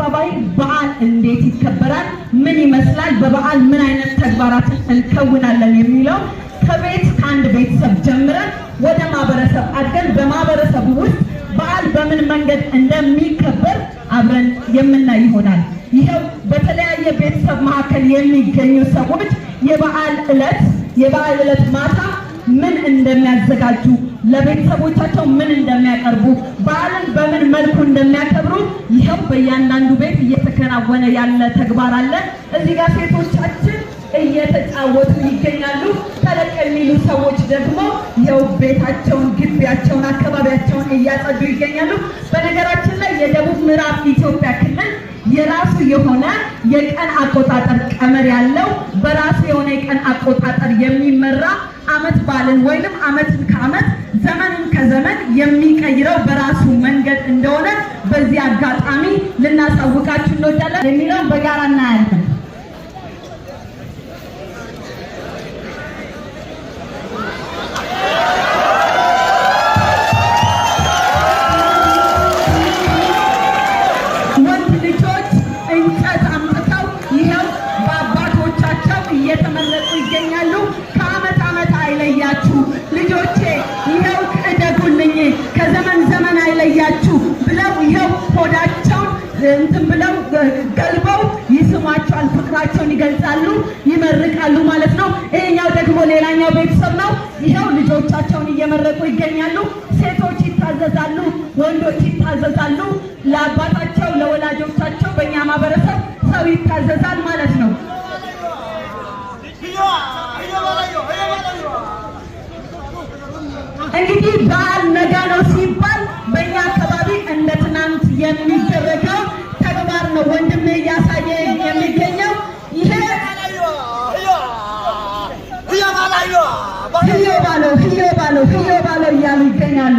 አደባባይ በዓል እንዴት ይከበራል? ምን ይመስላል? በበዓል ምን አይነት ተግባራትን እንከውናለን? የሚለው ከቤት ከአንድ ቤተሰብ ጀምረን ወደ ማህበረሰብ አድገን በማህበረሰቡ ውስጥ በዓል በምን መንገድ እንደሚከበር አብረን የምናይ ይሆናል። ይኸው በተለያየ ቤተሰብ መካከል የሚገኙ ሰዎች የበዓል ዕለት የበዓል ዕለት ማታ ምን እንደሚያዘጋጁ ለቤተሰቦቻቸው ምን እንደሚያቀርቡ በዓልን በምን መልኩ እንደሚያከብሩ ይኸው በእያንዳንዱ ቤት እየተከናወነ ያለ ተግባር አለ። እዚህ ጋር ሴቶቻችን እየተጫወቱ ይገኛሉ። ተለቅ የሚሉ ሰዎች ደግሞ ይኸው ቤታቸውን፣ ግቢያቸውን፣ አካባቢያቸውን እያጸዱ ይገኛሉ። በነገራችን ላይ የደቡብ ምዕራብ ኢትዮጵያ ክልል የራሱ የሆነ የቀን አቆጣጠር ቀመር ያለው በራሱ የሆነ የቀን አቆጣጠር የሚመራ አመት በዓልን ወይንም አመትን ከአመት ዘመንን ከዘመን የሚቀይረው በራሱ መንገድ እንደሆነ በዚህ አጋጣሚ ልናሳውቃችሁ እንወዳለን የሚለውን በጋራ እናያለን። ይመርቃሉ ማለት ነው። ይሄኛው ደግሞ ሌላኛው ቤተሰብ ነው። ይኸው ልጆቻቸውን እየመረቁ ይገኛሉ። ሴቶች ይታዘዛሉ፣ ወንዶች ይታዘዛሉ። ለአባታቸው ለወላጆቻቸው፣ በእኛ ማህበረሰብ ሰው ይታዘዛል ማለት ነው። እንግዲህ በዓል ነጋ ነው ሲባል በእኛ አካባቢ እንደ ትናንት የሚደረገው ተግባር ነው ወንድም እያሳየ የሚገኘ ህዬ ባለው ህዬ ባለው ህዬ ባለው እያሉ ይገኛሉ።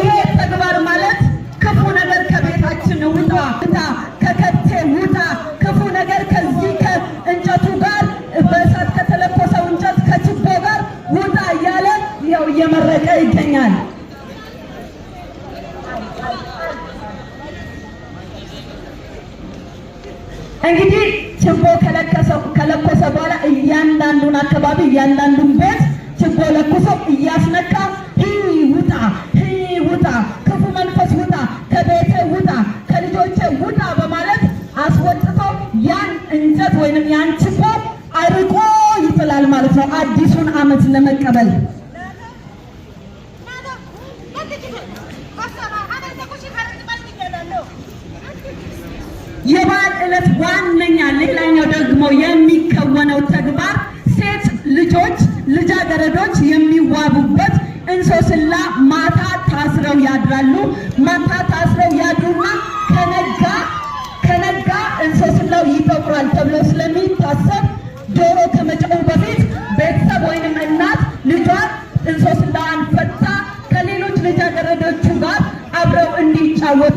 ይሄ ተግባር ማለት ክፉ ነገር ከቤታችን ውጣ ከከቴ ውጣ፣ ክፉ ነገር ከዚህ ከእንጨቱ ጋር በእሳት ከተለኮሰው እንጨት ከችቦ ጋር ውጣ እያለ ይኸው እየመረቀ ይገኛል። እንግዲህ ችቦ ከለኮሰ በኋላ እያንዳንዱን አካባቢ እያንዳንዱን ቤት ችቦ ለኩሶ እያስነቃ ይህ ውጣ፣ ይህ ውጣ፣ ክፉ መንፈስ ውጣ፣ ከቤቴ ውጣ፣ ከልጆቼ ውጣ በማለት አስወጥቶ ያን እንጨት ወይንም ያን ችቦ አርቆ ይጥላል ማለት ነው አዲሱን ዓመት ለመቀበል የዕለት ዋነኛ ሌላኛው ደግሞ የሚከወነው ተግባር ሴት ልጆች ልጃገረዶች የሚዋቡበት እንሶስላ ማታ ታስረው ያድራሉ። ማታ ታስረው ያድሩና ከነጋ ከነጋ እንሶስላው ይተኩራል ተብሎ ስለሚታሰብ ዶሮ ከመጨው በፊት ቤተሰብ ወይንም እናት ልጇን እንሶስላዋን ፈታ ከሌሎች ልጃገረዶቹ ጋር አብረው እንዲጫወቱ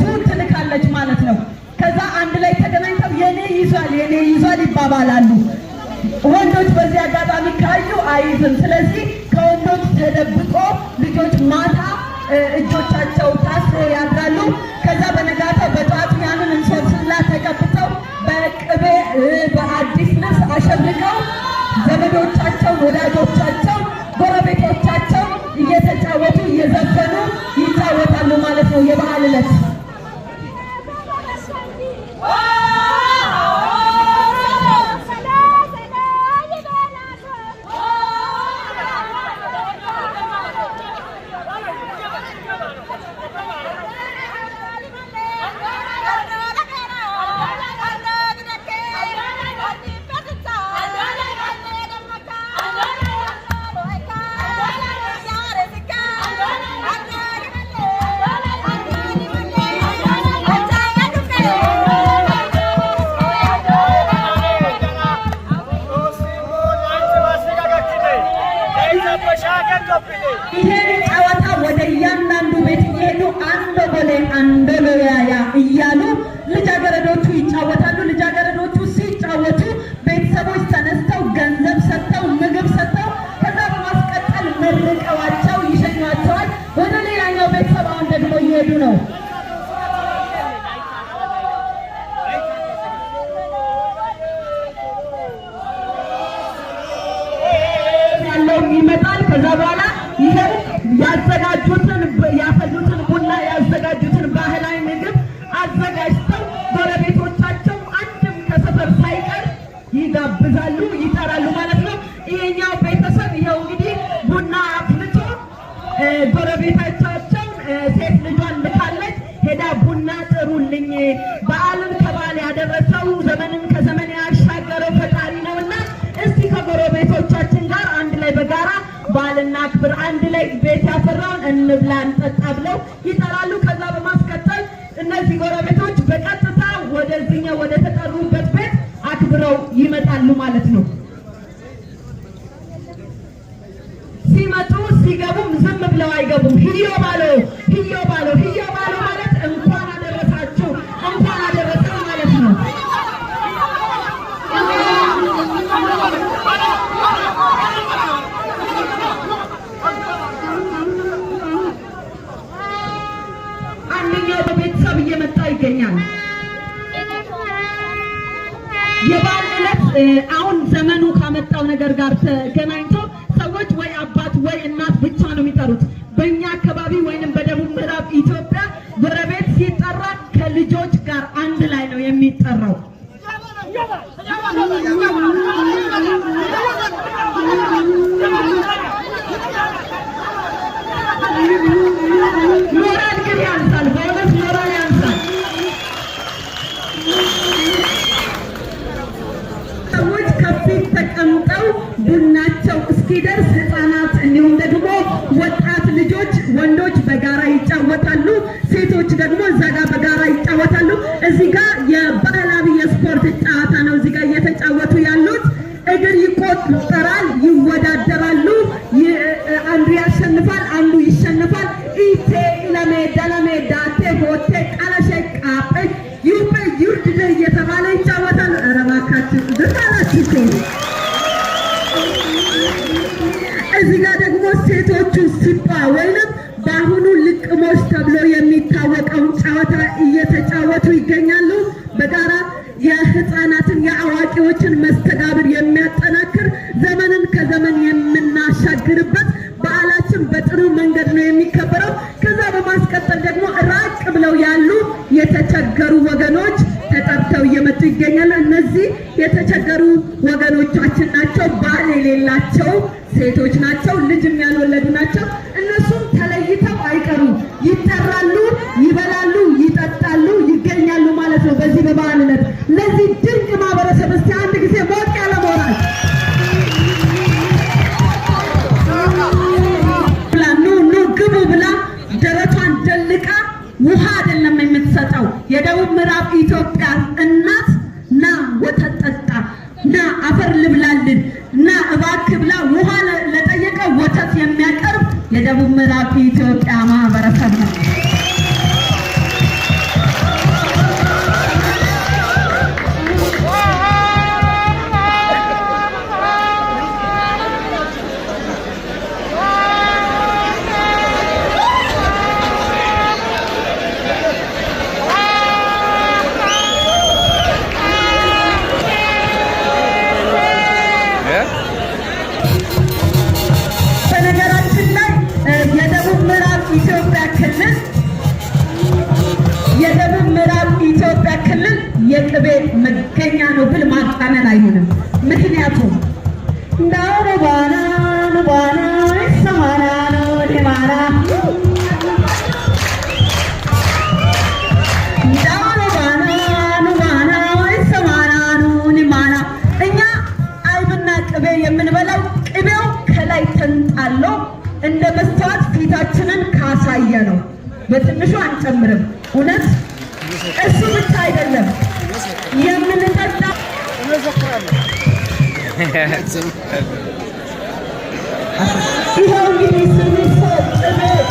ይባባላሉ። ወንዶች በዚህ አጋጣሚ ካዩ አይዝም። ስለዚህ ከወንዶች ተደብቆ ልጆች ማታ እጆቻቸው ታስሮ ያድራሉ። ከዛ በነጋታው በጠዋት ያንን እንሶስላ ተቀብተው በቅቤ በአዲስ ልብስ አሸብርቀው ዘመዶቻቸው፣ ወዳጆቻቸው፣ ጎረቤቶቻቸው እየተጫወቱ እየዘፈኑ ይጫወታሉ ማለት ነው የባህል ዕለት እያሉ ልጃገረዶቹ ይጫወታሉ። ልጃገረዶቹ ሲጫወቱ ቤተሰቦች ተነስተው ገንዘብ ሰጥተው ምግብ ሰጥተው ከዛ በማስቀጠል መርቀዋቸው ይሸኟቸዋል። ወደ ሌላኛው ቤተሰብ አሁን ደግሞ እየሄዱ ነው። ይገዛሉ፣ ይጠራሉ ማለት ነው። ይሄኛው ቤተሰብ ይኸው እንግዲህ ቡና አፍልቶ ጎረቤቶቻቸውን ሴት ልጇን ልካለች። ሄዳ ቡና ጥሩልኝ፣ በዓልን ከበዓል ያደረሰው ዘመንን ከዘመን ያሻገረው ፈጣሪ ነውና እስቲ ከጎረቤቶቻችን ጋር አንድ ላይ በጋራ በዓልና ክብር አንድ ላይ ቤት ያፈራውን እንብላ እንጠጣ ብለው ይዘው ይመጣሉ ማለት ነው። ሲመጡ ሲገቡም ዝም ብለው አይገቡም። ሂዮ ባለው አሁን ዘመኑ ካመጣው ነገር ጋር ተገናኝቶ ሰዎች ወይ አባት ወይ እናት ብቻ ነው የሚጠሩት። በእኛ አካባቢ ወይንም በደቡብ ምዕራብ ኢትዮጵያ ጎረቤት ሲጠራ ከልጆች ጋር አንድ ላይ ነው የሚጠራው። እዚህ ጋ ደግሞ ሴቶቹ ሲባ ወይንም በአሁኑ ልቅሞች ተብሎ የሚታወቀውን ጨዋታ እየተጫወቱ ይገኛሉ። በጋራ የህፃናትን የአዋቂዎችን መስተጋብር የሚያጠናክር ዘመንን ከዘመን የምናሻግርበት በዓላችን በጥሩ መንገድ ነው የሚከበረው። ከዛ በማስቀጠል ደግሞ ራቅ ብለው ያሉ የተቸገሩ ወገኖች ተጠርተው እየመጡ ይገኛሉ። እነዚህ የተቸገሩ ወገኖቻችን ናቸው። የሌላቸው ሴቶች ናቸው። ምዕራብ የኢትዮጵያ ማህበረሰብ ነው። በትንሹ አንጨምርም። እውነት እሱ ብቻ አይደለም የምንጠጣ ይኸው እንግዲህ ስሚሶ ጥሜት